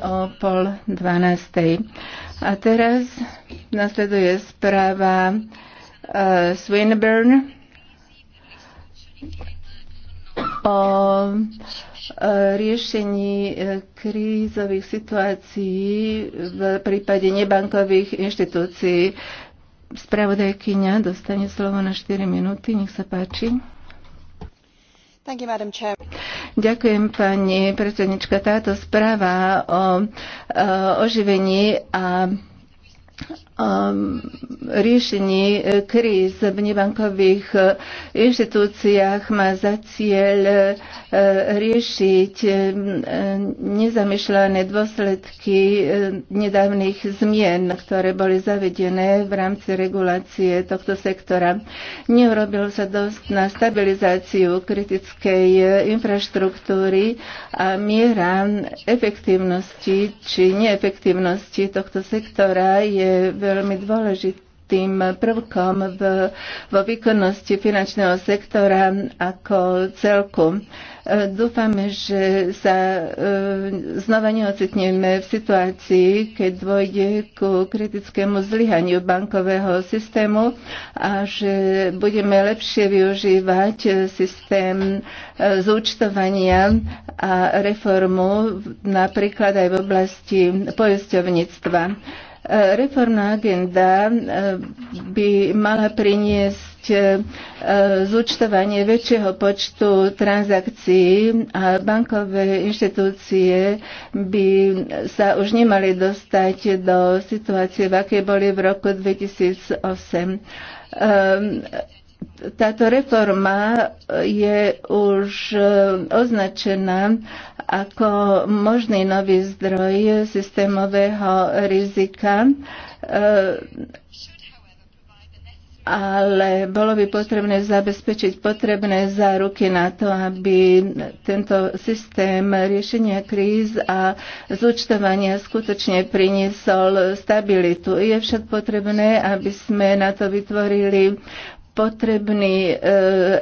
o pol dvanástej. A teraz nasleduje správa uh, Swinburne o e, riešení e, krízových situácií v prípade nebankových inštitúcií. Spravodajkyňa dostane slovo na 4 minúty, nech sa páči. Ďakujem, pani predsednička. Táto správa o oživení a Um, riešení e, kríz v nebankových e, inštitúciách má za cieľ e, riešiť nezamýšľané dôsledky nedávnych zmien, ktoré boli zavedené v rámci regulácie tohto sektora. Neurobilo sa dosť na stabilizáciu kritickej infraštruktúry a miera efektívnosti či neefektívnosti tohto sektora je je veľmi tým prvkom v, vo výkonnosti finančného sektora ako celku. E, Dúfame, že sa e, znova neocitneme v situácii, keď dôjde ku kritickému zlyhaniu bankového systému a že budeme lepšie využívať systém e, zúčtovania a reformu napríklad aj v oblasti poisťovníctva Reformná agenda eh, by mala priniesť eh, eh, zúčtovanie väčšieho počtu transakcií a bankové inštitúcie by sa už nemali dostať do situácie, v akej boli v roku 2008 táto reforma eh, je už eh, označená ako možný nový zdroj systémového rizika, eh, ale bolo by potrebné zabezpečiť potrebné záruky na to, aby tento systém riešenia kríz a zúčtovania skutočne priniesol stabilitu. Je však potrebné, aby sme na to vytvorili potrebný e,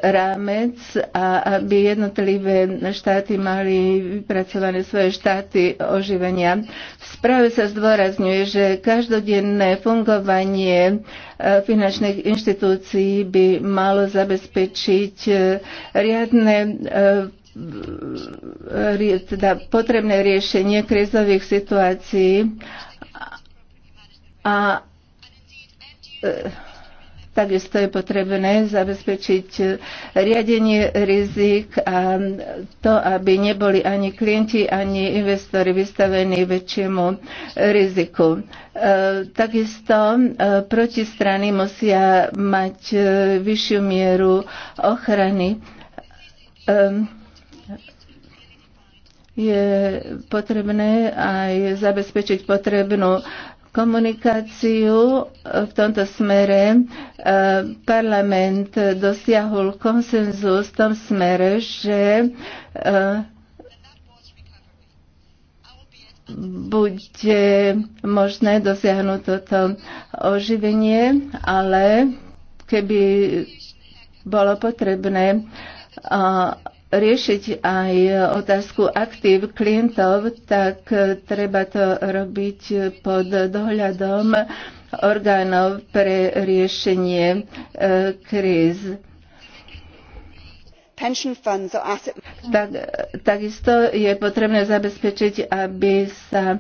rámec a aby jednotlivé štáty mali vypracované svoje štáty oživenia. V správe sa zdôrazňuje, že každodenné fungovanie e, finančných inštitúcií by malo zabezpečiť e, riadne e, teda potrebné riešenie krizových situácií a e, Takisto je potrebné zabezpečiť e, riadenie rizik a to, aby neboli ani klienti, ani investori vystavení väčšiemu riziku. E, takisto e, protistrany musia mať vyššiu mieru ochrany je potrebné aj zabezpečiť potrebnú komunikáciu e, v tomto smere e, parlament dosiahol konsenzus v tom smere, že e, bude možné dosiahnuť toto oživenie, ale keby bolo potrebné riešiť aj otázku aktív klientov, tak treba to robiť pod dohľadom orgánov pre riešenie e, kríz. Tak, takisto je potrebné zabezpečiť, aby sa e,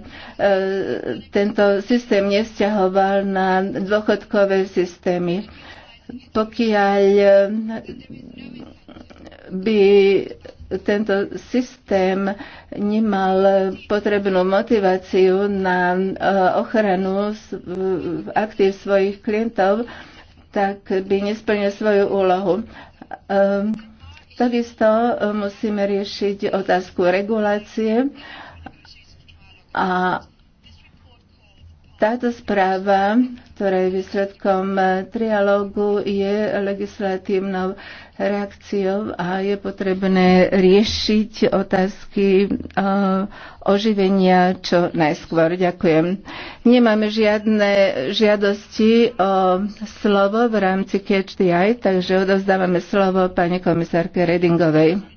tento systém nevzťahoval na dôchodkové systémy. E, pokiaľ eh, by tento systém nemal potrebnú motiváciu na eh, ochranu aktív svojich klientov, tak by nesplnil svoju úlohu. Eh, takisto musíme riešiť otázku regulácie a táto správa, ktorá je výsledkom trialógu, je legislatívnou reakciou a je potrebné riešiť otázky eh, oživenia čo najskôr. Ďakujem. Nemáme žiadne žiadosti o slovo v rámci KHDI, takže odovzdávame slovo pani komisárke Redingovej.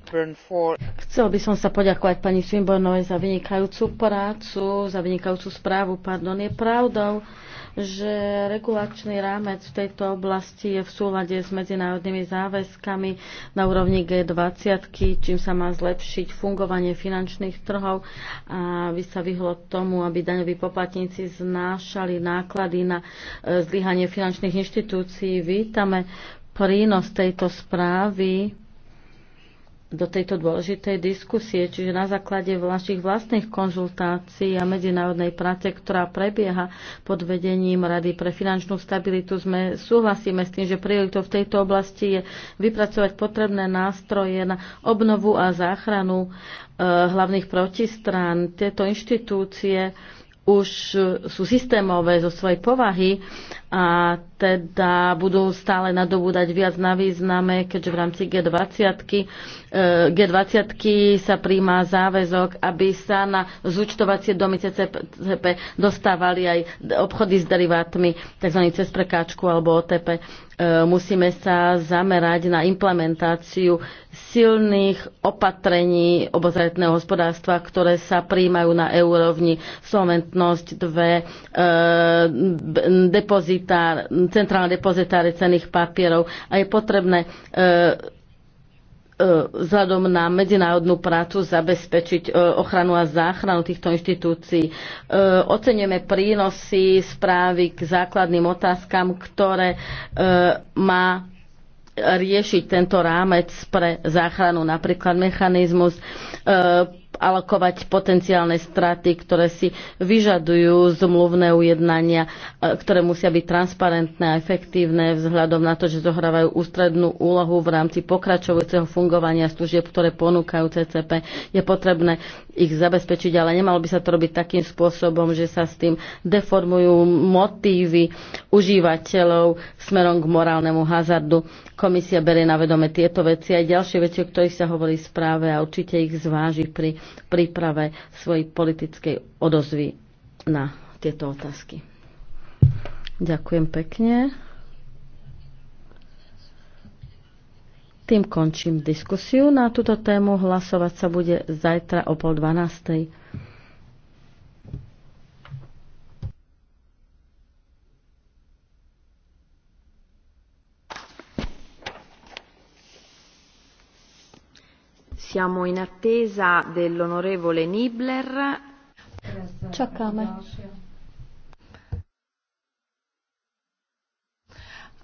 Chcel by som sa poďakovať pani Swinburnovej za vynikajúcu prácu, za vynikajúcu správu. Pardon. Je pravdou, že regulačný rámec v tejto oblasti je v súlade s medzinárodnými záväzkami na úrovni G20, čím sa má zlepšiť fungovanie finančných trhov a by sa vyhlo tomu, aby daňoví poplatníci znášali náklady na e, zlyhanie finančných inštitúcií. Vítame prínos tejto správy do tejto dôležitej diskusie, čiže na základe našich vlastných konzultácií a medzinárodnej práce, ktorá prebieha pod vedením Rady pre finančnú stabilitu, sme súhlasíme s tým, že prioritou v tejto oblasti je vypracovať potrebné nástroje na obnovu a záchranu e, hlavných protistrán. Tieto inštitúcie už sú systémové zo svojej povahy a teda budú stále nadobúdať viac na význame, keďže v rámci G20, e, G20 sa príjma záväzok, aby sa na zúčtovacie domy CCP dostávali aj obchody s derivátmi, tzv. cez prekáčku alebo OTP. E, musíme sa zamerať na implementáciu silných opatrení obozretného hospodárstva, ktoré sa príjmajú na úrovni solventnosť 2, e, depozit depozitár, centrálne depozitáre cených papierov a je potrebné e, e, vzhľadom na medzinárodnú prácu zabezpečiť e, ochranu a záchranu týchto inštitúcií. Oceňujeme prínosy správy k základným otázkam, ktoré má riešiť tento rámec pre záchranu, napríklad mechanizmus alokovať potenciálne straty, ktoré si vyžadujú zmluvné ujednania, e, ktoré musia byť transparentné a efektívne vzhľadom na to, že zohrávajú ústrednú úlohu v rámci pokračujúceho fungovania služieb, ktoré ponúkajú CCP. Je potrebné ich zabezpečiť, ale nemalo by sa to robiť takým spôsobom, že sa s tým deformujú motívy užívateľov smerom k morálnemu hazardu. Komisia berie na vedome tieto veci a ďalšie veci, o ktorých sa hovorí správe a určite ich zváži pri príprave svojej politickej odozvy na tieto otázky. Ďakujem pekne. Tým končím diskusiu. Na túto tému hlasovať sa bude zajtra o pol dvanástej. Siamo in attesa dell'onorevole Nibler. Čakáme.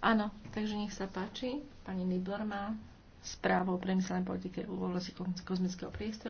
Áno, takže nech sa páči. Pani Nibler má správu o priemyselnej politike v kozmického priestoru.